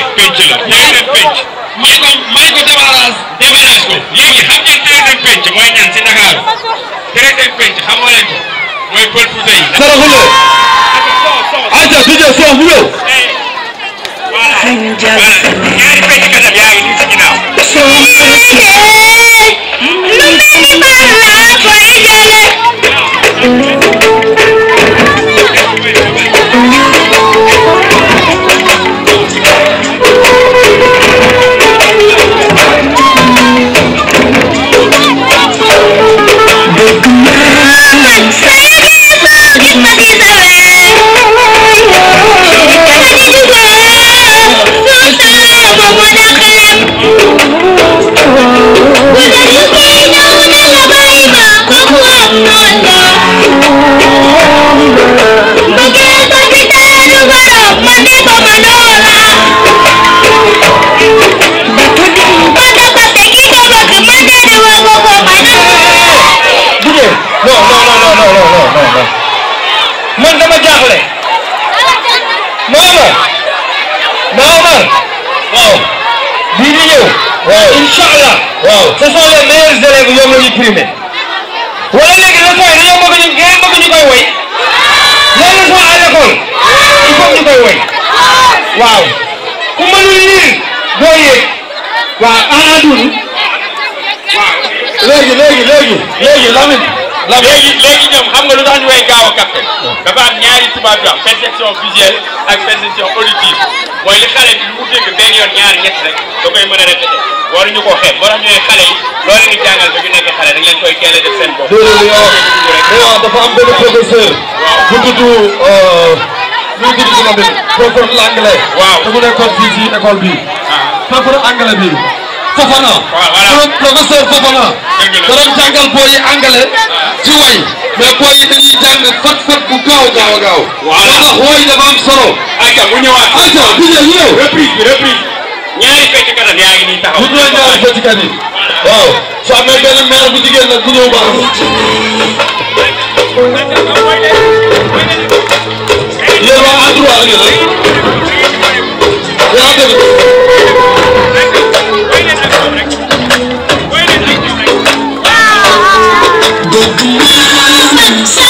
rek penc la ñaari penc maa ko maa ko débarrage débarrage ko léegi xam ngeen deuxième penc mooy ñan si Dakar deuxième penc xamoo leen ko mooy pël Fuuta yi saraxule aja suje so ñaari penc waaw ce sont les meilleurs élèves ñoom la ñuy primé le léegi leçon yi dañoo bëgg ñu ngeen bëgg ñu koy woy les leçons à l'école il faut ñu koy woy waaw ku mënul lire doo yéeg waaw ana dund waaw léegi léegi léegi léegi Lamine léegi léegi ñoom xam nga lu tax ñu way gaaw a capté dafa am ñaari tubaab yu wax mooy li xale bi mu dégg benn yoon ñaar ñett rek da koy mën a répété waruñu ko xeeb war nañu ne xale yi loolu ñu jàngal ba ñu nekk xale dañ leen koy teel a def seen bopp. déedéet yow dafa am benn professeur. waaw bu tudd nu mu tudd si ma benn. professeur l'anglais. waaw te mu nekkoon fii si école bi. waaw professeur anglais bi. Fofana. waaw voilà professeur Fofana. dëgg la da doon jàngal booy yi anglais. ci way mais booy yi dañuy jàng fat fat bu gaaw gaaw gaaw. waaw moo tax wooy dafa am solo. ayca mu ñëwaat. ayca di ñu ñëw. reprise bi reprise. ñaari fecckat ak yaa ngi nii taxaw. ñu doon ñaari fecckat yi. waaw su amee benn mère bu jigéen nag bu ñëw baax na. yéen waa endroit la ngeen rek. Thank you.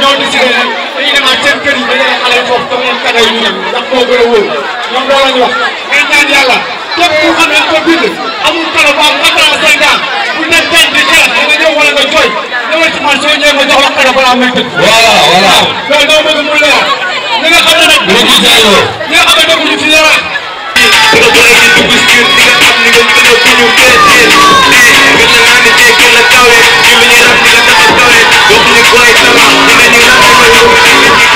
ñoom ñoo décidé nag dañuy demaat seen kër yi dajale xale foofu comme ñoom kàdda yi ñu dem ndax moo gën a wóor ñoom loolu la ñu wax. ngay ñaan yàlla képp ku xam ne ko bind amul kala bu am quatre ans cinq ans bu nekk tey di xeex da nga ñëw wala nga jooy ñëwal ci man soo ñëwee nga jox la kala balaa may tëdd. voilà voilà loolu dama bëgg mu leer ñi nga xam ne nag. ñoo ci jàlloo ñi nga xam ne dëgg ñu ci dara. Thank you. Don't be quiet now, even you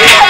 Yeah.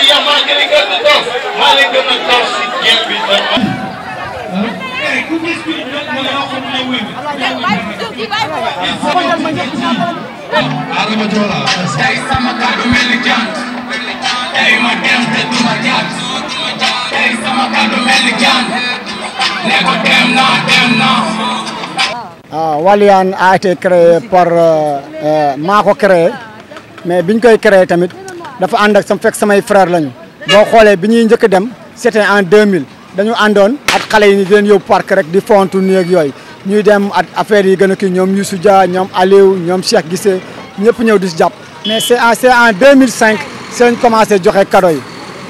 Sénégal di tos maa par euh, euh, mais biñ koy créé tamit dafa ànd ak fekk samay frère lañu boo xoolee bi ñuy njëkk dem c'était en 2000 dañu àndoon ak xale yi ñu di leen yóbbu parc rek di fontu néeg yooyu ñuy dem ak affaire yi gën a kii ñoom Youssou Dia ñoom Aliou ñoom Cheikh Guissé ñëpp ñëw di si jàpp. mais c'est en c'est en 2005 cinq lañ commencé joxe kado yi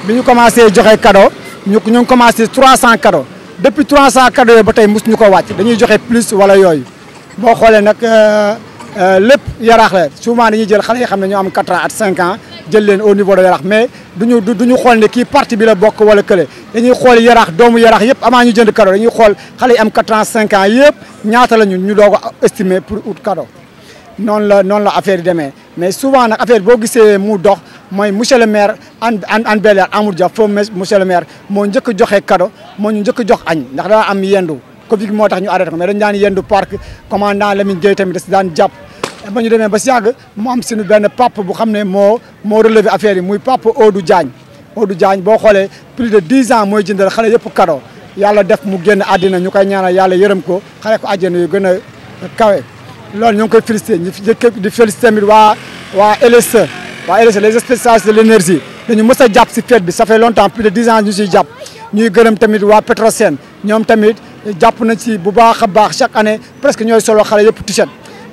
bi ñu commencé joxe cadeau ñu ñu ngi commencé 300 cadeau depuis 300 cadeau yi ba tey mosuñu ko wàcc dañuy joxe plus wala yooyu boo xoolee nag euh, euh, lépp yaraax la souvent dañuy jël xale yoo xam ne ñoo am 4 ans ak 5 ans. jël leen au niveau de yaraax mais duñu duñu xool ne kii parti bi la bokk wala kële dañuy xool yaraax doomu yaraax yëpp amaa ñu jënd cadeau dañuy xool xale yi am 4 ans 5 ans yëpp ñaata la ñu ñu doog a estimer pour ut cadeau noonu la noonu la affaire yi demee mais souvent nag affaire boo gisee mu dox mooy monsieur le maire an an an Bel-Air Amadou Dia foofu monsieur le maire moo njëkk a joxe cadeau moo ñu njëkk jox añ ndax dana am yendu Covid bi moo tax ñu arrêté ko mais dañu daan yendu parc commandant Lamine Gueye tamit jàpp ba ñu demee ba si yàgg moom am suñu benn pape bu xam ne moo moo relevé affaire yi muy pape Odou Diagne Odou jaañ boo xoolee plus de dix ans mooy jëndal xale yëpp kado yàlla def mu génn àddina ñu koy ñaanal yàlla yërëm ko xale ko àjjana yu gën a kawe. loolu ñu ngi koy félicité ñu di félicité tamit waa waa LSE waa LSE les spécialistes de l' énergie dañu mës a jàpp si fête bi ça fait longtemps plus de dix ans ñu siy jàpp ñuy gërëm tamit waa Petrosen ñoom tamit jàpp na ci bu baax a baax chaque année presque ñooy solo xale yëpp t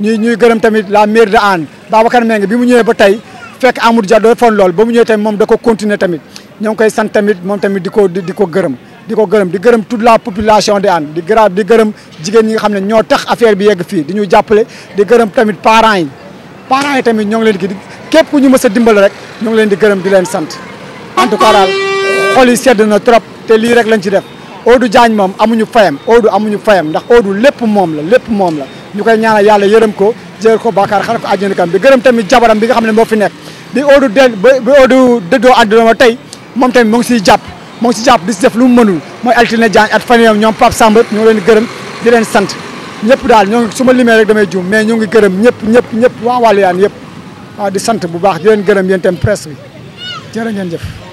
ñuy ñuy gërëm tamit la mairie de Hann Babacar Mbengue bi mu ñëwee ba tey fekk Amadou Dia doon fon lool ba mu ñëwee tamit moom da ko continuer tamit ñoo ngi koy sant tamit moom tamit di ko di ko gërëm di ko gërëm di gërëm toute la population de Hann di gërëm di gërëm jigéen ñi nga xam ne ñoo tax affaire bi yegg fii di ñu jàppale di gërëm tamit parents yi parents yi tamit ñoo ngi leen di képp ku ñu mës a dimbale rek ñoo leen di gërëm di leen sant en tout cas daal xol yi sedd na trop te lii rek lañ ci def Odou Diagne moom amuñu fayam Odou amuñu fayam ndax Odou lépp moom la lépp moom la ñu koy ñaanal yàlla yërëm ko jël ko bàkkaar xale ko àjjana kam bi gërëm tamit jabaram bi nga xam ne moo fi nekk bi oodu de bi tey moom tamit mu ngi siy jàpp mu si jàpp di si def lu mu mënul mooy altine jaan at fanweeri ñoom Pape Samb ñu leen gërëm di sant ñëpp daal ñoo suma su ma limee rek damay juum mais ñoo ngi gërëm ñëpp ñëpp ñëpp waa wàllu yaan yëpp di sant bu baax di leen gërëm yéen tam presse bi jërë ngeen jëf